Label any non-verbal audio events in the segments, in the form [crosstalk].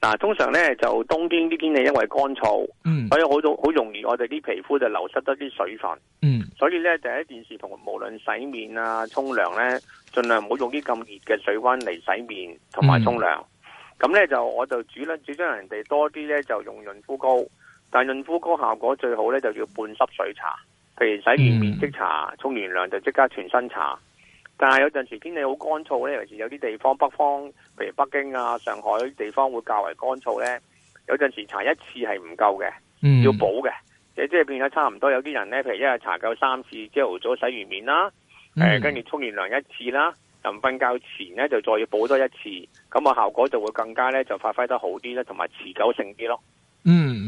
嗱、啊，通常咧就冬天啲天氣因為乾燥，嗯，所以好好容易，我哋啲皮膚就流失咗啲水分，嗯，所以咧第一件事同無論洗面啊、沖涼咧，盡量唔好用啲咁熱嘅水溫嚟洗面同埋沖涼，咁、嗯、咧就我就主啦。主張人哋多啲咧就用潤膚膏，但潤膚膏效果最好咧就要半濕水搽，譬如洗完面即搽，沖、嗯、完涼就即刻全身搽。但係有陣時天氣好乾燥咧，尤其是有啲地方，北方譬如北京啊、上海啲地方會較為乾燥咧。有陣時搽一次係唔夠嘅，要補嘅。即係變咗差唔多，有啲人咧，譬如一日搽夠三次，朝頭早洗完面啦，誒，跟住沖完涼一次啦，臨瞓覺前咧就再要補多一次，咁啊效果就會更加咧就發揮得好啲啦，同埋持久性啲咯。嗯。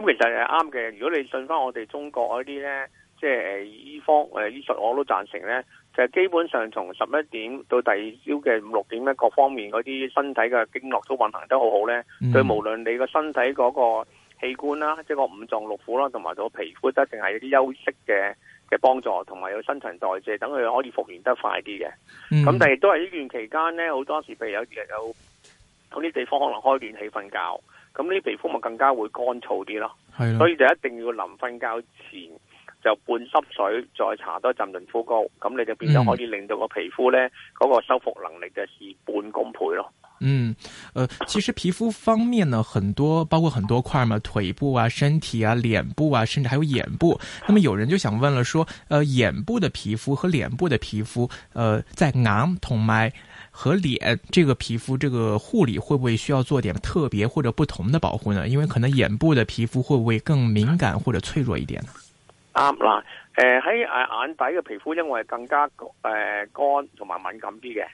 咁其實係啱嘅。如果你信翻我哋中國嗰啲咧，即係醫科誒醫術，我都贊成咧。就係基本上從十一點到第二朝嘅五六點咧，各方面嗰啲身體嘅經絡都運行得好好咧。對、嗯，無論你個身體嗰個器官啦，即係個五臟六腑啦，同埋個皮膚，都一定係有啲休息嘅嘅幫助，同埋有新陳代謝，等佢可以復原得快啲嘅。咁、嗯、但係都係呢段期間咧，好多時譬如有啲人有啲地方可能開暖氣瞓覺。咁呢啲皮膚咪更加會乾燥啲咯，所以就一定要臨瞓覺前就半濕水，再搽多陣潤膚膏，咁你就變咗可以令到個皮膚咧嗰，嗯那個修復能力就事半功倍咯。嗯，呃，其實皮膚方面呢，很多包括很多塊嘛，腿部啊、身體啊、臉部啊，甚至還有眼部。咁啊，有人就想問了，說，呃，眼部的皮膚和臉部的皮膚，呃，在眼同埋。和臉這個皮膚這個護理會不會需要做點特別或者不同的保護呢？因爲可能眼部的皮膚會不會更敏感或者脆弱一點呢？啱啦，誒、呃、喺眼底嘅皮膚因為更加誒、呃、乾同埋敏感啲嘅，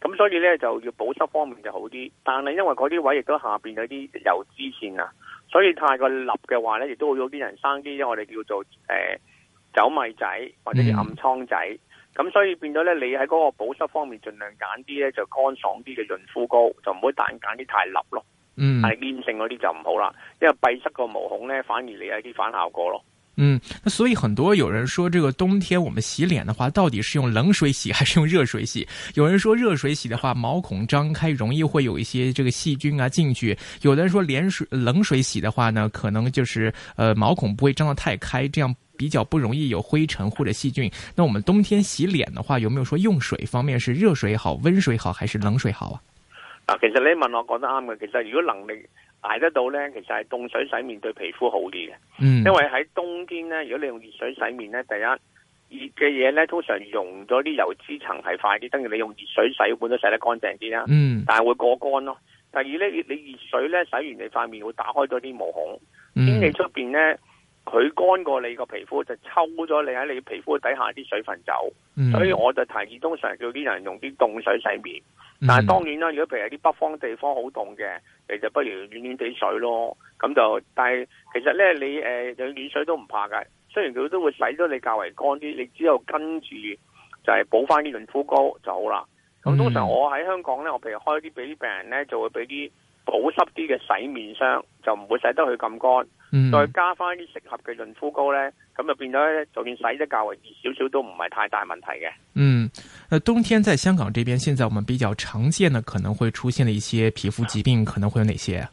咁所以呢，就要保濕方面就好啲。但係因為嗰啲位亦都下邊有啲油脂腺啊，所以太過立嘅話呢，亦都會有啲人生啲我哋叫做誒酒、呃、米仔或者是暗瘡仔。嗯咁所以變咗咧，你喺嗰個保濕方面盡量揀啲咧就乾爽啲嘅潤膚膏，就唔好單揀啲太膩咯，嗯，係黏性嗰啲就唔好啦，因為閉塞個毛孔咧，反而你有啲反效果咯。嗯，所以很多有人說，這個冬天我們洗臉的話，到底是用冷水洗還是用熱水洗？有人說熱水洗的話，毛孔張開容易會有一些這個細菌啊進去，有的人說冷水冷水洗的話呢，可能就是，呃，毛孔不會張得太開，這樣。比較不容易有灰塵或者細菌。那我們冬天洗臉的話，有沒有說用水方面是熱水好、温水好還是冷水好啊？啊，其實你問我講得啱嘅。其實如果能力捱得到呢，其實係凍水洗面對皮膚好啲嘅。因為喺冬天呢，如果你用熱水洗面呢，第一熱嘅嘢呢，通常溶咗啲油脂層係快啲，等於你用熱水洗碗都洗得乾淨啲啦。但係會過乾咯。第二呢，你熱水呢，洗完你塊面會打開咗啲毛孔，天氣出邊呢。嗯佢乾過你個皮膚，就抽咗你喺你皮膚底下啲水分走，嗯，所以我就提議通常叫啲人用啲凍水洗面。但係當然啦，如果譬如啲北方地方好凍嘅，你就不如暖暖地水咯。咁就，但係其實咧，你誒用、呃、暖水都唔怕㗎。雖然佢都會洗得你較為乾啲，你只有跟住就係補翻啲潤膚膏就好啦。咁通常我喺香港咧，我譬如開啲俾啲病人咧，就會俾啲。保濕啲嘅洗面霜，就唔會洗得佢咁乾，再加翻啲適合嘅潤膚膏咧，咁就變咗咧，就算洗得較為熱少少都唔係太大問題嘅。嗯，誒，冬天在香港這邊，現在我們比較常見嘅可能會出現的一些皮膚疾病，可能會有哪些？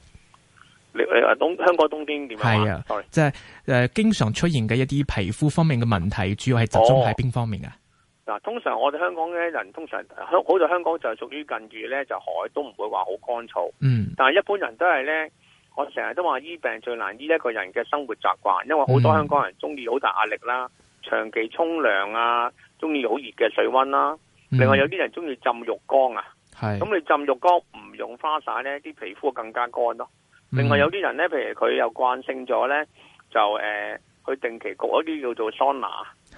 你你話冬香港冬天點樣啊？係啊，Sorry，即係誒，經常出現嘅一啲皮膚方面嘅問題，主要係集中喺邊方面啊？Oh. 嗱，通常我哋香港嘅人，通常香好在香港就屬於近住咧就是、海，都唔會話好乾燥。嗯。但係一般人都係咧，我成日都話醫病最難醫，一個人嘅生活習慣，因為好多香港人中意好大壓力啦、嗯，長期沖涼啊，中意好熱嘅水温啦、嗯，另外有啲人中意浸浴缸啊。係。咁你浸浴缸唔用花灑咧，啲皮膚更加乾咯。另外有啲人咧，譬如佢又慣性咗咧，就誒去、呃、定期焗一啲叫做桑拿。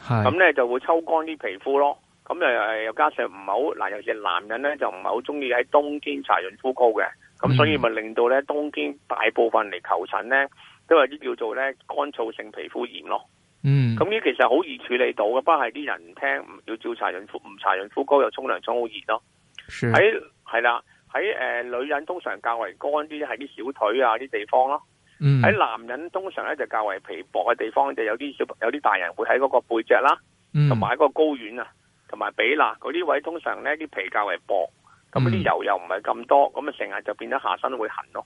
咁、嗯、咧、嗯、就會抽乾啲皮膚咯，咁又加上唔係好嗱，尤其男人咧就唔係好中意喺冬天搽潤膚膏嘅，咁所以咪令到咧冬天大部分嚟求診咧都係啲叫做咧乾燥性皮膚炎咯。嗯，咁、嗯、呢其實好易處理到嘅，不過係啲人唔聽，唔要照搽潤膚，唔搽潤膚膏又沖涼沖好熱咯。係係啦，喺、呃、女人通常較為乾啲，係啲小腿啊啲地方咯。喺、嗯、男人通常咧就較為皮薄嘅地方，就有啲小有啲大人會喺嗰個背脊啦，同埋喺個睾丸啊，同埋髀罅嗰啲位，通常咧啲皮較為薄，咁、嗯、啲油又唔係咁多，咁啊成日就變咗下身會痕咯。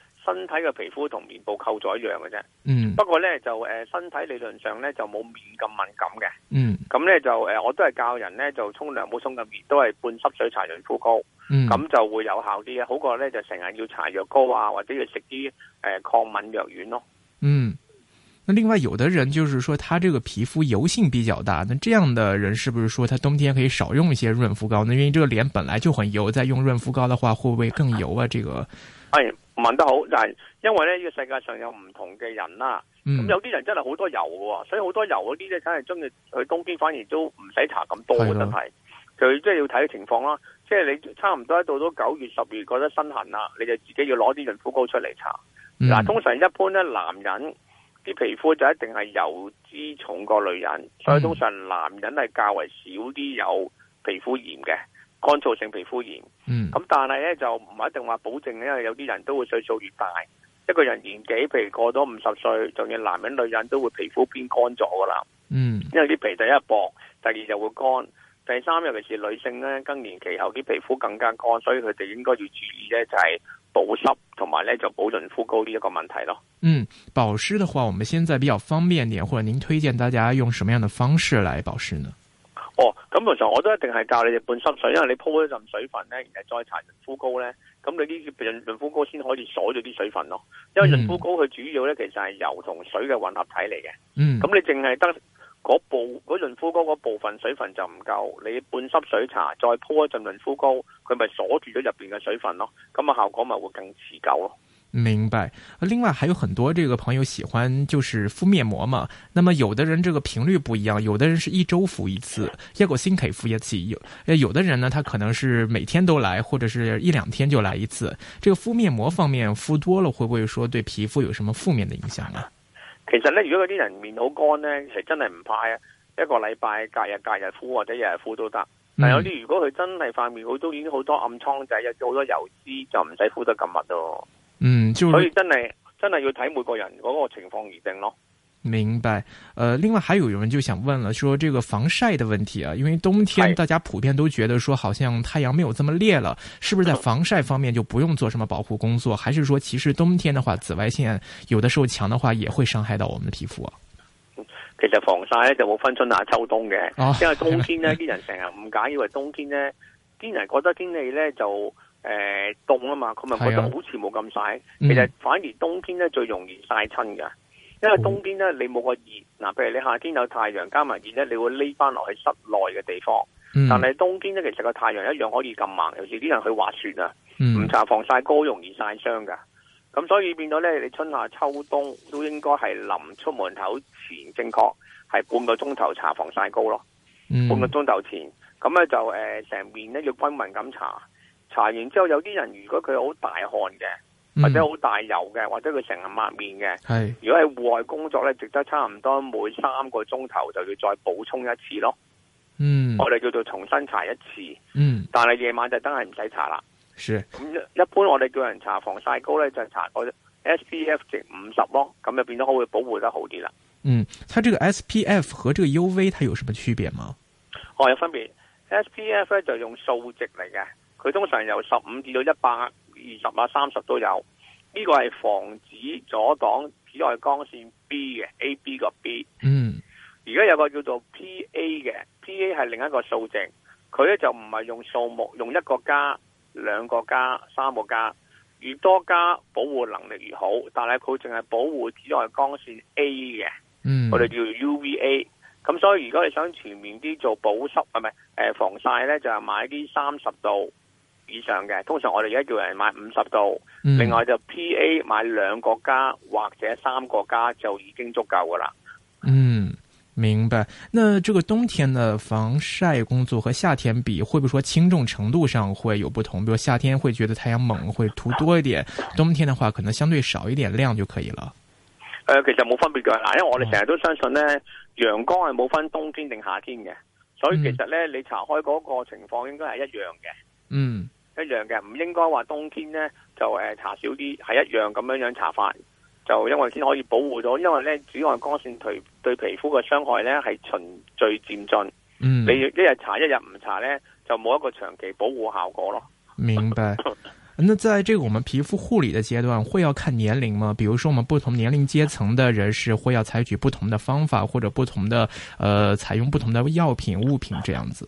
身體嘅皮膚同面部構造一樣嘅啫，嗯，不過咧，就誒、呃、身體理論上咧，就冇面咁敏感嘅，嗯，咁咧，就誒、呃、我都係教人咧，就沖涼冇沖咁熱，都係半濕水搽潤膚膏，嗯，咁就會有效啲嘅，好過咧，就成日要搽藥膏啊或者要食啲誒抗敏藥丸咯。嗯，另外有的人就是說，他這個皮膚油性比較大，那這樣的人是不是說他冬天可以少用一些潤膚膏呢？那因為這個臉本來就很油，再用潤膚膏的話，會不會更油啊？這個係。哎問得好，就係因為咧，呢、這個世界上有唔同嘅人啦、啊。咁有啲人真係好多油嘅、哦，所以好多油嗰啲咧，梗係中意去冬天，反而都唔使搽咁多真係。佢即係要睇情況啦、啊。即係你差唔多到到九月、十月，覺得身痕啦，你就自己要攞啲潤膚膏出嚟搽。嗱、嗯，通常一般咧，男人啲皮膚就一定係油脂重過女人，所以通常男人係較為少啲有皮膚炎嘅。乾燥性皮膚炎，咁、嗯、但係咧就唔一定話保證，因為有啲人都會歲數越大，一個人年紀，譬如過咗五十歲，仲要男人、女人都會皮膚變乾咗㗎喇。嗯，因為啲皮第一薄，第二就會乾，第三尤其是女性咧，更年期後啲皮膚更加乾，所以佢哋應該要注意咧就係保濕，同埋咧就保潤膚膏呢一個問題咯。嗯，保濕嘅話，我們現在比較方便啲，或者您推薦大家用什麼樣的方式來保濕呢？咁其實我都一定係教你哋半濕水，因為你鋪一陣水分咧，然後再搽潤膚膏咧，咁你啲潤潤膚膏先可以鎖住啲水分咯。因為潤膚膏佢主要咧其實係油同水嘅混合體嚟嘅。嗯。咁你淨係得嗰部嗰潤膚膏嗰部分水分就唔夠，你半濕水搽，再鋪一陣潤膚膏，佢咪鎖住咗入邊嘅水分咯。咁啊效果咪會更持久咯。明白。另外還有很多這個朋友喜歡就是敷面膜嘛。那麼有的人這個頻率不一樣，有的人是一周敷一次，嗯、一個星期敷一次；有有的人呢，他可能是每天都來，或者是一兩天就來一次。這個敷面膜方面，敷多了會不會說對皮膚有什麼負面的影響呢、啊？其實呢，如果嗰啲人面好乾呢，其實真係唔怕呀、啊，一個禮拜隔日隔日敷或者日日敷都得。但有啲如果佢真係塊面好都已經好多暗瘡仔，又有好多油脂，就唔使敷得咁密咯。嗯就，所以真係真係要睇每個人嗰個情況而定咯。明白，呃、另外還有有人就想問了，說這個防曬的問題啊，因為冬天大家普遍都覺得說，好像太陽沒有這麼烈了，是，是不是在防曬方面就不用做什麼保護工作、嗯？還是說，其實冬天的話，紫外線有的時候強的話，也會傷害到我們的皮膚、啊？其實防曬呢就冇分春夏秋冬嘅、哦，因為冬天呢啲 [laughs] 人成日誤解，以為冬天呢啲人覺得天氣呢就。誒、呃，凍啊嘛，佢咪覺得好似冇咁晒。其實反而冬天咧最容易晒親㗎，因為冬天咧你冇個熱。嗱，譬如你夏天有太陽，加埋熱咧，你會匿翻落去室內嘅地方。嗯、但係冬天咧，其實個太陽一樣可以咁猛。尤其啲人去滑雪啊，唔、嗯、搽防晒膏容易晒傷㗎。咁所以變咗咧，你春夏秋冬都應該係臨出門口前正確，正確係半個鐘頭搽防晒膏咯。嗯、半個鐘頭前，咁咧就誒成、呃、面咧要均匀咁搽。搽完之後，有啲人如果佢好大汗嘅，嗯，或者好大油嘅，或者佢成日抹面嘅，哎，如果喺戶外工作咧，值得差唔多每三個鐘頭就要再補充一次咯。嗯，我哋叫做重新搽一次。嗯，但係夜晚就真係唔使搽啦。是。咁一般我哋叫人搽防曬膏咧，就搽 SPF 值五十咯。咁就變咗會保護得好啲啦。嗯，它這個 SPF 和這個 UV 它有什麼區別嗎？哦，有分別。SPF 咧就用數值嚟嘅。佢通常由十五至到一百二十啊三十都有，呢、這個係防止阻擋紫外光線 B 嘅 A B 個 B。嗯，而家有一個叫做 P A 嘅 P A 係另一個數值，佢咧就唔係用數目，用一個加兩個加三個加，越多加保護能力越好。但係佢淨係保護紫外光線 A 嘅。嗯、mm.，我哋叫 U V A。咁所以如果你想全面啲做保濕啊係咪？誒、呃、防晒咧，就係、是、買啲三十度。以上嘅通常我哋而家叫人買五十度，嗯，另外就 P A 買兩個加或者三個加就已經足夠噶啦。嗯，明白。那這個冬天的防晒工作和夏天比，會不會說輕重程度上會有不同？比如夏天會覺得太陽猛，會塗多一點；冬天的話，可能相對少一點量就可以了。誒、呃，其實冇分別嘅嗱，因為我哋成日都相信呢，陽光係冇分冬天定夏天嘅，所以其實呢，嗯、你查開嗰個情況應該係一樣嘅。嗯。一樣嘅，唔應該話冬天呢就誒搽少啲，係、呃、一,一樣咁樣樣搽法，就因為先可以保護到。因為咧紫外光線對對皮膚嘅傷害咧係循序漸進，嗯，你一日搽一日唔搽咧就冇一個長期保護效果咯。明白。那在這個我們皮膚護理的階段，會要看年齡嗎？比如說我們不同年齡階層的人士，會要採取不同的方法，或者不同的，呃，採用不同的藥品物品這樣子。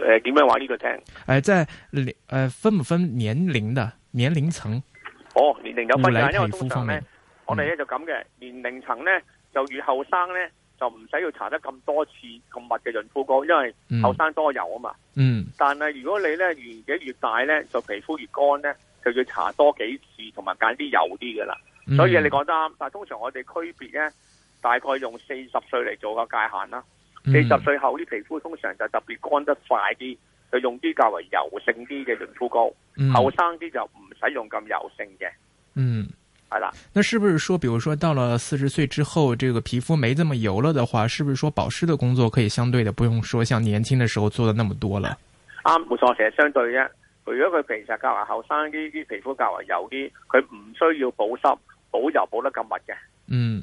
誒、呃，點樣話呢個聽？誒、呃，即係誒、呃、分唔分年齡的年齡層？哦，年齡有分嘅，嗯，因為通常咧，我哋咧就咁嘅年齡層咧，就越後生咧，就唔使要搽得咁多次咁密嘅潤膚膏，因為後生多油啊嘛。嗯。但係如果你咧年紀越大咧，就皮膚越乾咧，就要搽多幾次，同埋揀啲油啲嘅啦。所以你講得啱，但係通常我哋區別咧，大概用四十歲嚟做個界限啦。四十歲後啲皮膚通常就特別乾得快啲，就用啲較為油性啲嘅潤膚膏。後生啲就唔使用咁油性嘅。嗯，係啦、嗯。那是不是說，比如說到了四十歲之後，這個皮膚沒這麼油了的話，是不是說保濕的工作可以相對的不用說像年輕的時候做的那麼多了？啱、嗯，冇錯，其實相對啫。如果佢平實，較為後生啲啲皮膚較為油啲，佢唔需要保濕、保油保得咁密嘅。嗯。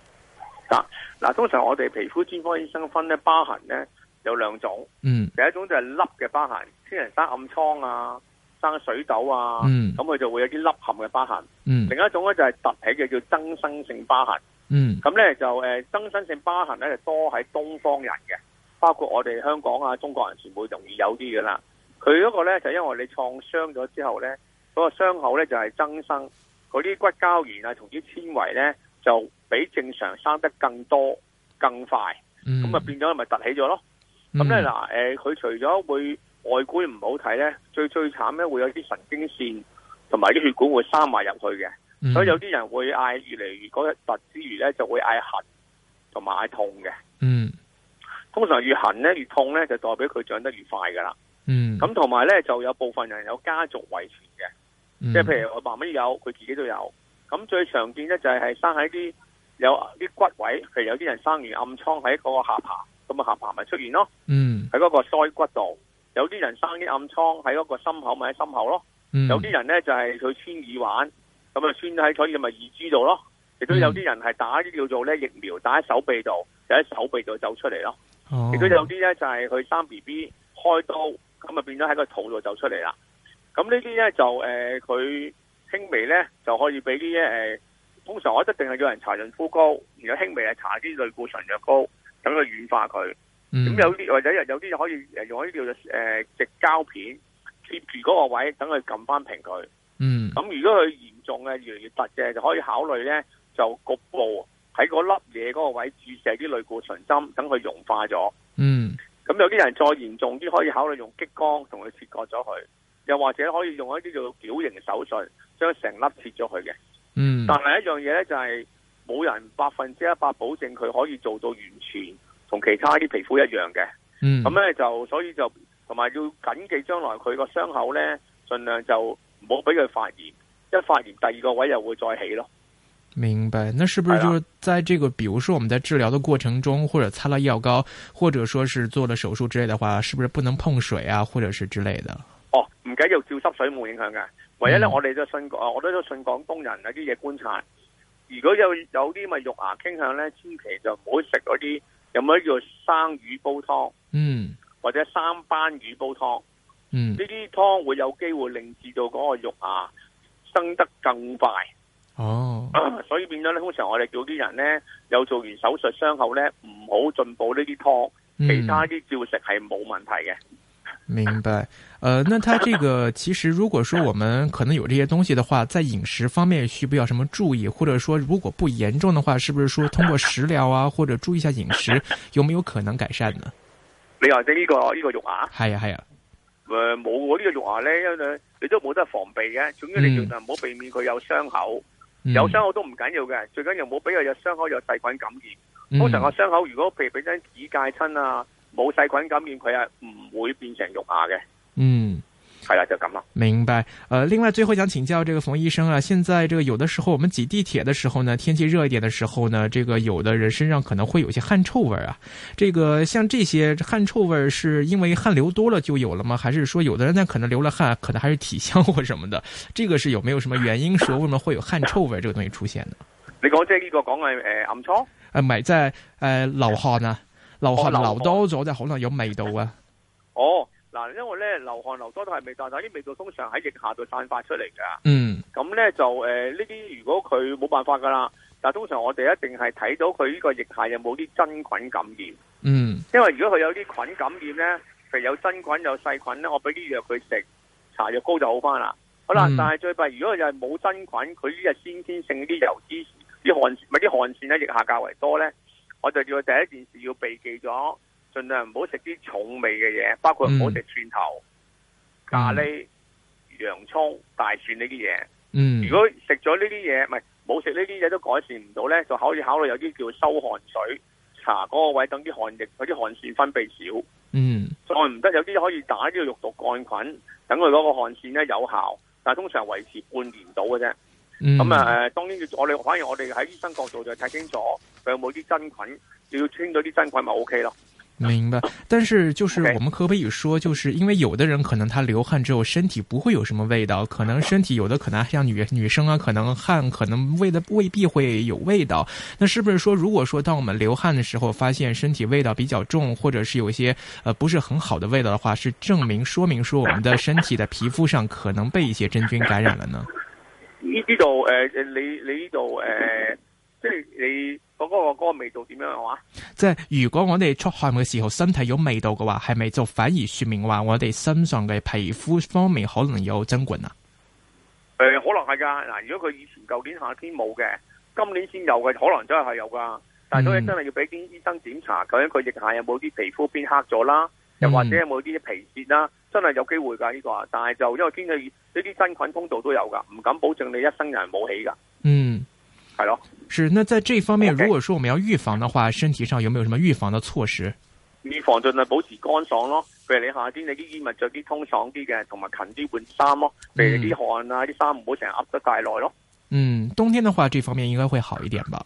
嗱，通常我哋皮膚專科醫生分呢，疤痕呢有兩種、嗯，第一種就係凹嘅疤痕，天然生暗瘡啊，生水痘啊，咁、嗯、佢就會有啲凹陷嘅疤痕嘅疤痕。另一種呢就係凸起嘅叫增生性疤痕。咁、嗯、呢就誒增生性疤痕呢，就多喺東方人嘅，包括我哋香港啊中國人全部容易有啲噶啦。佢嗰個呢，就因為你創傷咗之後呢，嗰、嗰個傷口呢，就係增生，嗰啲骨膠原啊同啲纖維呢，就。比正常生得更多、更快，咁、嗯、啊變咗咪突起咗咯？咁咧嗱，誒，佢、呃、除咗會外觀唔好睇咧，最最慘咧會有啲神經綫同埋啲血管會生埋入去嘅、嗯，所以有啲人會嗌越嚟越嗰一突之餘咧，就會嗌痕同埋嗌痛嘅。嗯，通常越痕咧越痛咧，就代表佢長得越快噶啦。嗯，咁同埋咧就有部分人有家族遺傳嘅，即、嗯、係譬如我媽咪有，佢自己都有。咁最常見咧就係係生喺啲。有啲骨位，譬如有啲人生完暗瘡喺嗰個下巴。咁、那、啊、個、下巴咪出現咯。嗯，喺嗰個腮骨度，有啲人生啲暗瘡喺嗰個心口咪喺心口咯。嗯、有啲人咧就係、是、佢穿耳環，咁啊穿喺所以咪耳珠度咯。亦、嗯、都有啲人係打啲叫做咧疫苗，打喺手臂度，就喺手臂度走出嚟咯。亦、哦、都有啲咧就係、是、佢生 B B 開刀，咁啊變咗喺個肚度走出嚟啦。咁呢啲咧就誒，佢、呃、輕微咧就可以俾啲誒。呃通常我一定係叫人搽潤膚膏，然後輕微係搽啲類固醇藥膏，等佢軟化佢。咁、嗯、有啲或者有啲可以誒用一啲叫做誒直膠片貼住嗰個位，等佢撳翻平佢。咁、嗯、如果佢嚴重嘅越嚟越突嘅，就可以考慮咧就局部喺嗰粒嘢嗰個位注射啲類固醇針，等佢融化咗。咁、嗯、有啲人再嚴重啲，可以考慮用激光同佢切割咗佢，又或者可以用一啲叫做矯形手術將成粒切咗佢嘅。嗯，但係一樣嘢咧就係冇人百分之一百保證佢可以做到完全同其他啲皮膚一樣嘅。嗯、咁、咧就所以就同埋要謹記將來佢個傷口咧，盡量就唔好俾佢發炎。一發炎第二個位又會再起咯。明白。那是不是就是在這個，比如說我們在治療的過程中，或者擦了藥膏，或者說是做了手術之類的話，是不是不能碰水啊，或者是之類的？而家又照濕水冇影響嘅，唯一咧我哋都信，啊，我都都信廣東人有啲嘢觀察。如果有有啲咪肉芽傾向咧，千祈就唔好食嗰啲有咩叫做生魚煲湯，嗯，或者三斑魚煲湯，嗯，呢啲湯會有機會令至到嗰個肉芽生得更快，哦，哦啊、所以變咗咧，通常我哋叫啲人咧，有做完手術傷口咧，唔好進補呢啲。呢啲湯，其他啲照食係冇問題嘅。明白，呃那他這個其實，如果說我們可能有這些東西的話，在飲食方面需不要什麼注意？或者說，如果不嚴重的話，是不是說通過食療啊，或者注意一下飲食，有沒有可能改善呢？你話即呢個呢、呢個肉牙？係啊係啊，誒，冇我呢個肉牙、啊、咧，因為你都冇得防備嘅，總之你盡量唔好避免佢有傷口、嗯，有傷口都唔緊要嘅，最緊要唔好俾佢有傷口有細菌感染。嗯、通常個傷口如果譬如俾張紙戒親啊。冇細菌感染，佢係唔會變成肉牙嘅。嗯，係啦，就咁啦。明白。呃，另外最後想請教這個馮醫生啊，現在這個有的時候我們擠地鐵的時候呢，天氣熱一點的時候呢，這個有的人身上可能會有些汗臭味啊。這個像這些汗臭味是因為汗流多了就有了嗎？還是說有的人呢可能流了汗，可能還是體香或什麼的？這個是有沒有什麼原因說為什麼會有，有汗臭味這個東西出現呢？你講即係呢個講係誒、呃、暗瘡，誒唔係，即係誒流流汗流多咗就可能有味道啊！哦，嗱，因為咧，流汗流多都係味道，但係啲味道通常喺腋下度散發出嚟噶。嗯，咁咧就誒，呢啲如果佢冇辦法噶啦，但係通常我哋一定係睇到佢呢個腋下有冇啲真菌感染。嗯，因為如果佢有啲菌感染咧，譬如有真菌有細菌咧，我俾啲藥佢食，搽藥膏就好翻啦。好啦，但係最弊如果又係冇真菌，佢呢個先天性啲油脂啲汗咪啲汗腺咧腋下較為多咧。我就叫佢第一件事要避忌咗，盡量唔好食啲重味嘅嘢，包括唔好食蒜頭、嗯、咖喱、洋葱、大蒜呢啲嘢。嗯，如果食咗呢啲嘢，唔係冇食呢啲嘢都改善唔到咧，就可以考慮有啲叫收汗水，搽嗰個位等啲汗液，嗰啲汗腺分泌少。嗯，再唔得有啲可以打呢個肉毒桿菌，等佢嗰個汗腺咧有效，但係通常維持半年到嘅啫。咁、嗯、啊，誒，當然我哋反而我哋喺醫生角度就睇清楚，有冇啲真菌，只要穿咗啲真菌咪 OK 咯。明白。但是，就是我們可唔可以說，就是因為有的人可能他流汗之後身體不會有什麼味道，可能身體有的可能像女女生啊，可能汗可能味的未必會有味道。那是不是說，如果說當我們流汗的時候，發現身體味道比較重，或者是有一些，呃，不是很好的味道的話，是證明說明說我們的身體的皮膚上可能被一些真菌感染了呢？呢度誒，你你呢度誒，即係你講、嗰個、嗰個、嗰個嗰個味道點樣啊？哇！即係如果我哋出汗嘅時候身體有味道嘅話，係咪就反而說明話我哋身上嘅皮膚方面可能有真菌啊？誒、呃，可能係噶嗱，如果佢以前舊年夏天冇嘅，今年先有嘅，可能真係係有噶。但係都係真係要俾啲醫生檢查，究竟佢腋下有冇啲皮膚變黑咗啦？又或者有冇啲皮屑啦、啊？真係有機會噶呢個啊！但係就因為天氣呢啲真菌通道都有噶，唔敢保證你一生人冇起噶。嗯，係咯。是，那在這方面，okay. 如果說我們要預防的話，身體上有沒有什麼預防的措施？預防盡量保持乾爽咯，譬如你夏天你啲衣物着啲通爽啲嘅，同埋勤啲換衫咯，譬如你啲汗啊，啲衫唔好成日噏得太耐咯。嗯，冬天的話，這方面應該會好一點吧。